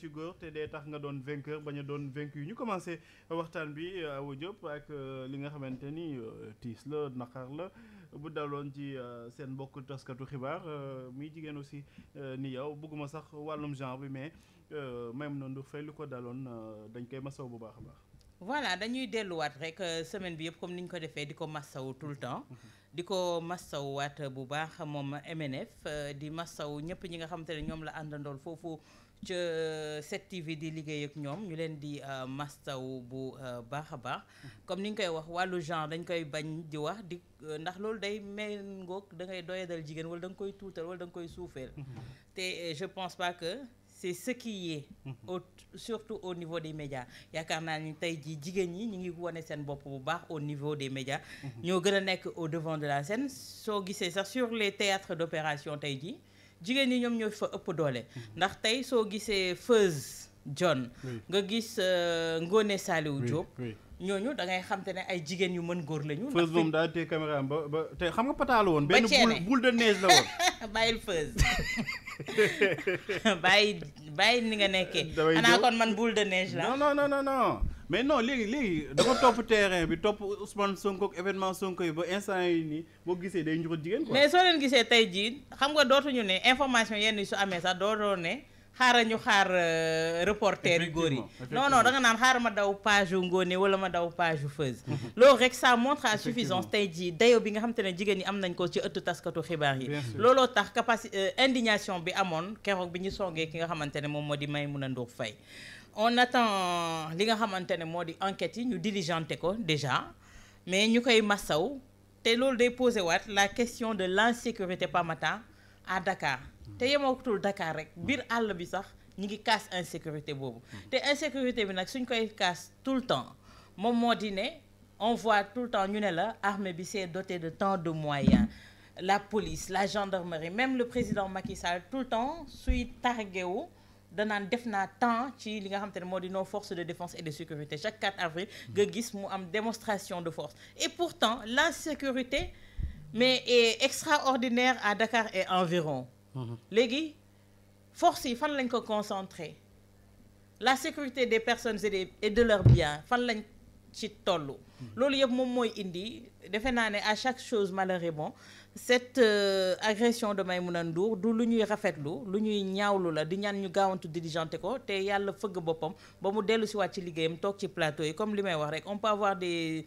ci góor te dee tax nga doon vainqueur bañ a doon yu ñu commencé waxtaan bi euh, Awa Diop ak euh, li nga xamante ni euh, tiis la naqar la bu daloon ji seen mbokk taskatu xibaar muy jigéen aussi ni yow bëgguma sax wàllum genre bi mais même noonu fay lu ko daloon dañ koy masaw bu baax a baax. voilà dañuy delluwaat rek semaine bi yëpp comme ni ñu ko defee di ko massaw tout le temps mm-hmm. di ko massawwaat bu baax moom MNF di massaw ñëpp ñi nga xamante ne ñoom la àndandool foofu. ca 7TV euh, di liggéey ak ñoom ñu leen di euh, mastaw bu euh, baax a baax mm-hmm. comme ni nga koy wax wàllu genre dañ koy bañ di wax di ndax loolu day méngoog da ngay doyadal jigéen wala da nga koy tuutal wala da nga koy suufeel mm-hmm. te je pense pas que c'est ce qui est mm-hmm. au surtout au niveau des médias yaakaar naa ni tey jii jigéen ñi ñu ngi wane seen bopp bu baax au niveau des médias ñoo gën a nekk au devant de la scène soo gisee sax sur les théâtres d'opération tey jii jigéen ñi ñoom ñoo fa ëpp doole ndax tey soo gisee Feuz John nga gis euh, Ngoné Saliou Diop ñooñu da ngay xam te ne ay jigéen yu mën góor lañu. Feuz moom daal téye caméra am ba ba te xam nga pataal woon. ba benn boule de neige la woon. bàyyil Feuz bàyyi bàyyi ni nga nekkee. xanaa kon man boule de neige la non non non mais non léegi léegi dama topp terrain bi topp Ousmane Sonko ak événement Sonko yi ba instant yi nii boo gisee day njuxul jigéen quoi. mais soo leen gisee tey jii xam nga dootuñu ne information yenn yi su amee sax dootoo ne xaaral ñu xaar euh, reporter yu góor yi non non da naan xaaral ma daw page yu ngóone wala ma daw page yu feuse loolu rek ça montre à suffisance tey jii dayo bi nga xam te ne jigéen ñi am nañ ko ci ëttu taskatu xibaar yi looloo tax capacité euh, indignation bi amoon keroog bi ñu songee ki nga xamante ne moom moo di Maimouna Ndour Faye on attend euh, li nga xamante ne moo di enquêtes yi ñu diligenté ko déjà mais ñu koy massaw te loolu day posé waat la question de l'insécurité pamata à Dakar te yemootul Dakar rek biir àll bi sax ñi ngi casse insécurité boobu te insécurité bi nag suñ koy casse tout le temps moom moo di ne on voit tout le temps ñu ne la armée bi s'est dotée de tant de moyens la police la gendarmerie même le président Macky Sall tout le temps suy targué wu danaan def naa temps ci li nga xam te ne moo di nos forces de défense et de sécurité chaque 4 avril nga gis mu am démonstration de force et pourtant la sécurité mais est extraordinaire à Dakar et environ mhm. léegi force yi fan lañ ko concentrer la sécurité des personnes et des et de leurs biens fan lañ ci tollu loolu yëpp moom mooy indi defe naa ne à chaque chose malheur est bon cette euh, agression de Maïmouna Ndour du lu ñuy rafetlu lu ñuy ñaawlu la di ñaan ñu gaawantu diligenté ko te yàlla fëgg boppam ba mu dellu si waat ci liggéeyam toog ci plateau yi comme li may wax rek on peut avoir des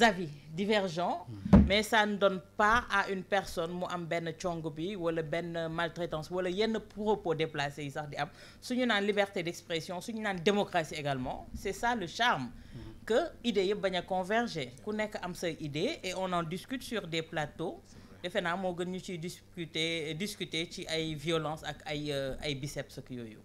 avis divergents mais ça ne donne à une personne mu am benn cong bi wala benn maltraitance wala yenn propos déplacés yi sax di am suñu naan liberté d'expression suñu naan démocratie également c'est ça que idées yëpp bañ a converger ku nekk am sa idée et on en discute sur des plateaux defe naa moo gën ñu ciy discuter discuter ci ay violence ak ay euh, ay biceps ak yooyu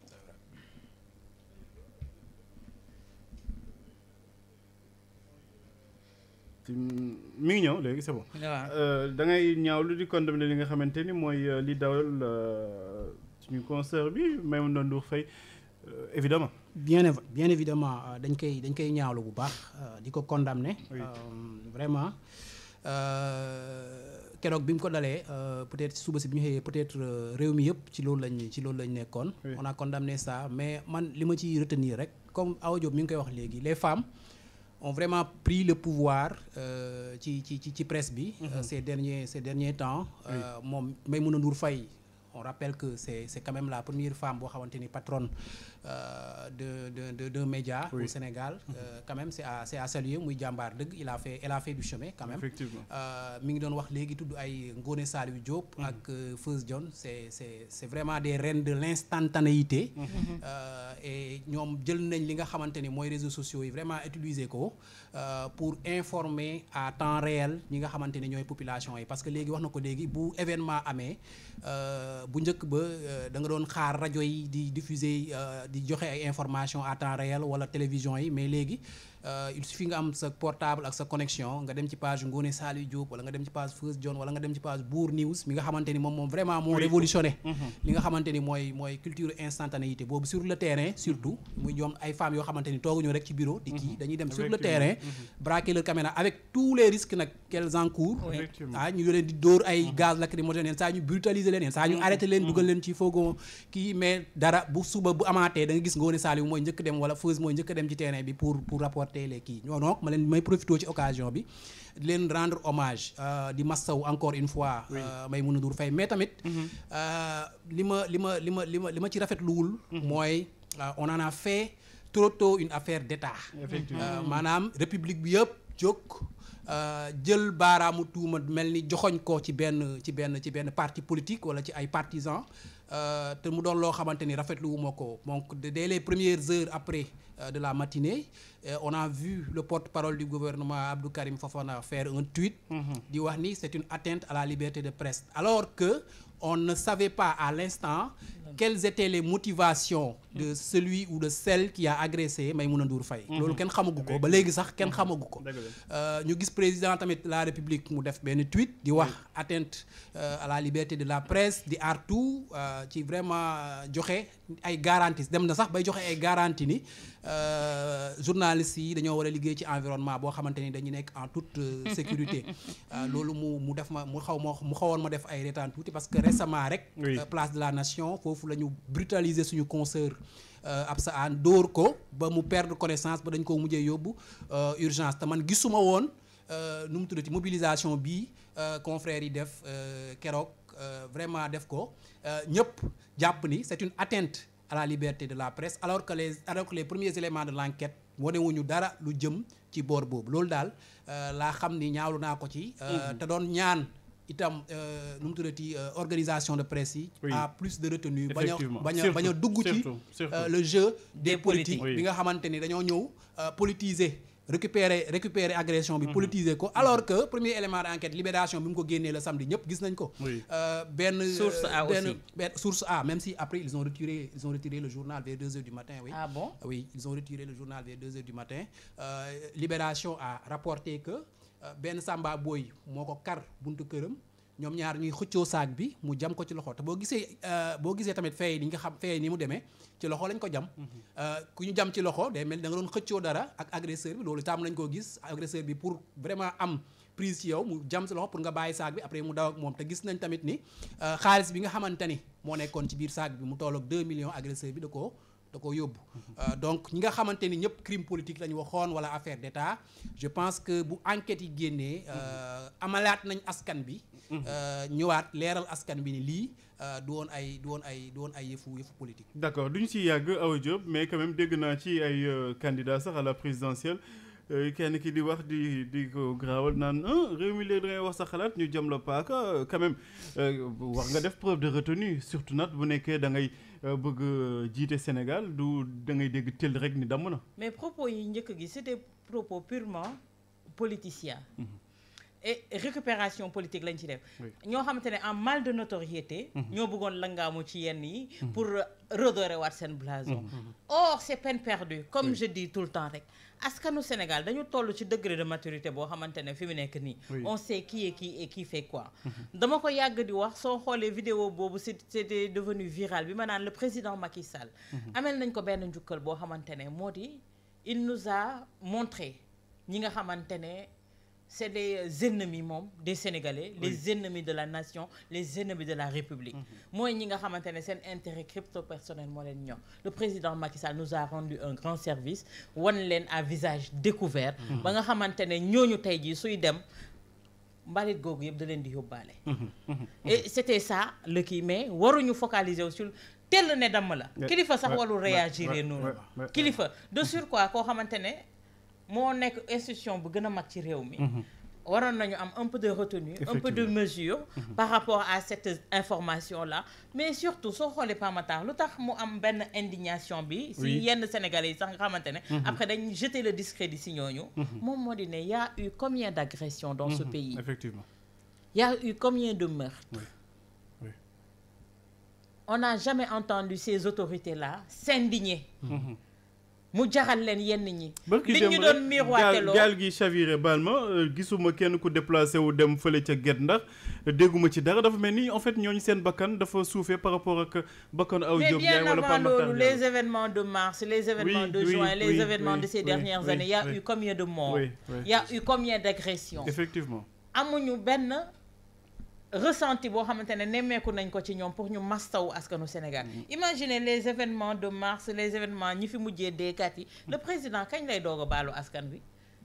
mi ngi ñëw léegi c'est bon euh, da ñaaw lu di condamné li nga xamante ni mooy euh, li dawal suñu concert bi may mun doon du fay évidemment bien bien évidemment euh, dañ koy dañ koy ñaawlu bu baax euh, di ko condamner euh, vraiment keroog bi mu ko dalee peut-être suba si bi ñu xëyee peut-être réew mi yëpp ci loolu lañ ci loolu lañ nekkoon on a condamné ça mais man li ma ciy retenir rek comme Awa Diop mi ngi koy wax léegi les femmes ont vraiment pris le pouvoir ci ci ci ci presse bi mhm. ces derniers ces derniers temps moom Maïmouna Ndour Faye on rappelle que c'est c'est quand même la première femme boo xamante ni patron Euh, de de de d'un média oui. au Sénégal euh, quand même c'est à c'est muy jàmbaar dëgg il a fait il a fait du chemin quand même euh, mi ngi doon wax léegi tudd ay ngoone Saliou Diop mhm. ak euh, Feuz Dione c'est c'est c'est vraiment des reines de l'instantanéité mm -hmm. ñoom jël nañ li nga xamante ni mooy réseaux sociaux yi vraiment utiliser ko pour informer à temps réel ñi nga xamante ni ñooy population yi parce que léegi wax na ko léegi bu événement amee bu njëkk ba da nga doon xaar rajo yi di diffuser di joxe ay information à temps réel wala télévision yi mais léegi Euh, il suffit nga am sa portable ak sa connexion nga dem ci page Ngone John wala nga dem ci page Bour News mi nga xamante moom moom vraiment moo révolutionné mhm. li nga xamante mooy mooy culture instantanéité boobu sur le terrain surtout muy ñoom ay femmes yoo xamante tooguñu rek ci bureau di kii mhm. dañuy dem sur le euh, terrain mhm. braquer leur caméra avec tous les risques nag qu'elles encourent ah ñu leen di dóor ay gaz lacrymogène yenn saa ñu brutaliser leen teelee kii donc ma leen may profité ci occasion bi leen rendre hommage euh, di massaw encore une fois euh, may mun Maimouna Ndour Faye mais tamit mm-hmm. euh, li ma li ma li ma li ma li ma ci rafetluwul mm-hmm. mooy on en a fait trop tôt une affaire d'État maanaam république bi yëpp jóg jël baaraamu tuuma mel ni joxoñ ko ci benn ci benn ci benn parti politique wala ci ay partisans Euh, te mu doon loo xamante ni rafetlu wu ma ko donc dès les premières heures après euh, de la matinée euh, on a vu le porte-parole du gouvernement Abdou Karim Fofana faire un tweet mm-hmm. di wax ni c'est une atteinte à la liberté de presse alors que on ne savait pas à l'instant Mmh. quelles étaient les motivations mmh. de celui ou de celle qui a agressé Maïmouna Ndour Faye mmh. loolu kenn xamagu ko ba léegi sax kenn xamagu ko euh, ñu gis président tamit la république mu def benn tweet di wax atteinte euh, la liberté de la presse di tout euh, ci vraiment joxe ay garanties dem na sax bay joxe ay garanties ni journalistes yi dañoo war a liggéey ci environnement boo xamante ni dañu nekk en toute sécurité loolu mu mu def ma mu xaw moo mu xawoon ma def ay retaan tuuti parce que foofu la ñu brutaliser suñu consoeur euh, Absa Anne dóor ko ba mu perdre connaissance ba dañ koo mujjee yóbbu euh, urgence te man gisuma woon euh, nu mu tuddati mobilisation bi confrères yi def keroog vraiment def ko ñëpp jàpp ni c'est une atteinte à la liberté de la presse alors que les alors que les premiers éléments de l'enquête wanewuñu dara lu jëm ci boor boobu loolu daal laa xam ni ñaawlu naa ko ci mm-hmm. te doon ñaan itam euh, nu mu tuddati euh, organisation de presse yi. à plus de retenue. effectivement bañ a a dugg ci euh, le jeu. des politiques bi nga xamante ni dañoo ñëw politiser. récupérer récupérer agression bi mhm. politiser ko mhm. alors que premier élément d'enquête libération bi mu ko génnee le samedi ñëpp gis nañ ko benn source A A même si après ils ont retiré ils ont retiré le journal vers deux du matin ah libération a rapporté que benn sàmba booy moo ko kar buntu këram ñoom ñaar ñuy xëccoo saag bi mu jam ko ci loxo te boo gisee euh, boo gisee tamit fee yi nga xam fee ni mu demee ci loxo lañ ko jam. Mhm. Euh, ku ñu jam ci loxo day mel danga doon xëccoo dara ak agresseur bi loolu taam nañ koo gis agresseur bi pour vraiment am prise ci yow mu jam si loxo pour nga bàyyi saag bi après mu daw ak moom te gis nañ tamit ni euh, xaalis bi nga xamante ni moo nekkoon ci biir saag bi mu toll deux 2 millions agresseur bi da koo. da ko yóbbu euh, donc ñi nga xamante ni ñëpp crime politique la ñu waxoon wala affaire d'état je pense que bu enquête yi génnee euh, amalaat nañ askan bi euh, ñëwaat leeral askan bi ni lii du woon ay du woon ay du woon ay yëfu yëfu politique d'accord duñu ci yàgg Awa Diop mais quand même dégg naa ci ay candidats sax à la présidentielle Euh, kenn ki di wax di di ko garaawal naan ah, réew mi léegi da wax sa xalaat ñu jëm la paaka euh, quand même euh, nga def preuve de retenue surtout nag bu nekkee da ngay bëgg jiite Sénégal du da ngay dégg tëll rek ni damm na. mais propos yi njëkk gi c'était propos purement politicien. Mhm. et récupération politique lañ ci def ñoo xamante ne en mal de notoriété mhm. ñoo bëggoon langaamu ci yenn yi mhm. pour redorer waat seen blason mhm. or c'est peine perdue comme oui. je tout le temps rek nu Sénégal dañu toll ci degré de maturité boo xamante ne fi mu nekk nii on sait qui est qui et qui fait quoi dama ko yàgg di wax soo xoolee vidéo boobu c'était devenu viral bi ma naan le président Macky Sall amel nañ ko benn njukkal boo xamante ne moo di il nous a ñi nga xamante ne c'est les euh, ennemis moom de sénégalais oui. les ennemis de la nation les ennemis de la république mhm. mooy ñi nga xamante ne seen intérêt crypto personnel moo leen ñor le président Macky Sall nous a rendu un grand service wan leen à visage découvert mhm. ba nga xamante ne ñooñu tey jii suy dem mbalit googu yëpp da leen di yóbbaale mhm. et c'était ça le kii mais waruñu focaliser aussi tell ne damm la kilifa sax warul réagir noonu kilifa de surcroît koo xamante ne moo nekk institution bu gën a mag ci réew mi. Mhm. waroon nañu am un peu de retenue un peu de mesure mhm. par rapport à cette information la mais surtout soo xoolee Pamatar lu tax mu am benn indignation bi si yenn Sénégalais yi sax nga xamante ne mhm. après dañ jeter le discrédit si ñooñu moom moo di ne y a eu combien d'agressions dans ce pays effectivement y a eu combien de meurtres on n'a jamais entendu ces autorités là s'indigner mu jaxal leen yenn ñi. li ñu doon miroiteloo gaal gi chaviré baal ma euh, gisuma kenn ku déplacé wu dem fële ca Guet Ndar euh, dégguma ci dara dafa mel ni en fait ñooñu seen bakkan dafa suufe par rapport ak bakkan aw Diop bien avant loolu les événements de mars les événements de juin les événements de ces dernières années y a eu combien de morts y a eu combien d'agressions effectivement amuñu benn ressenti boo xamante ne nemmeeku nañ ko ci ñoom pour ñu mastawu askanu Sénégal mm-hmm. imaginez les événements de mars les événements ñi fi mujjee deekat yi le mm-hmm. président kañ lay doog a baalu askan bi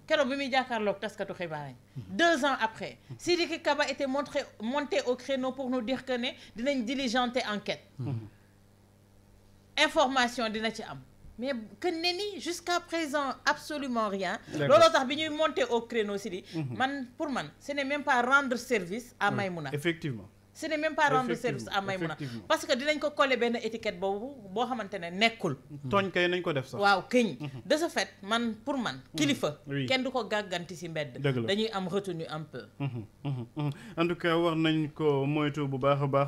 keno bi muy jàkkaarloog taskatu xibaar yi mm-hmm. deux ans après Sidiki Kaba était montré monté au pour nous dire que ne dinañ diligenter enquête information dina ci am mais que ne ni jusqu'à présent absolument rien looloo tax bi ñuy monter au si di mhm. man pour man ce n'est même pas rendre service à Maïmouna effectivement ce n'est même pas rendre service à Maïmouna parce que dinañ ko coller benn étiquette boobu boo xamante ne nekkul mhm. tooñ kay nañ ko def sax waaw këñ mhm. de ce fait man pour man kilifa kenn du ko gàgganti ci mbedd dañuy am retenu un peu en war nañ ko moytu bu baax a baax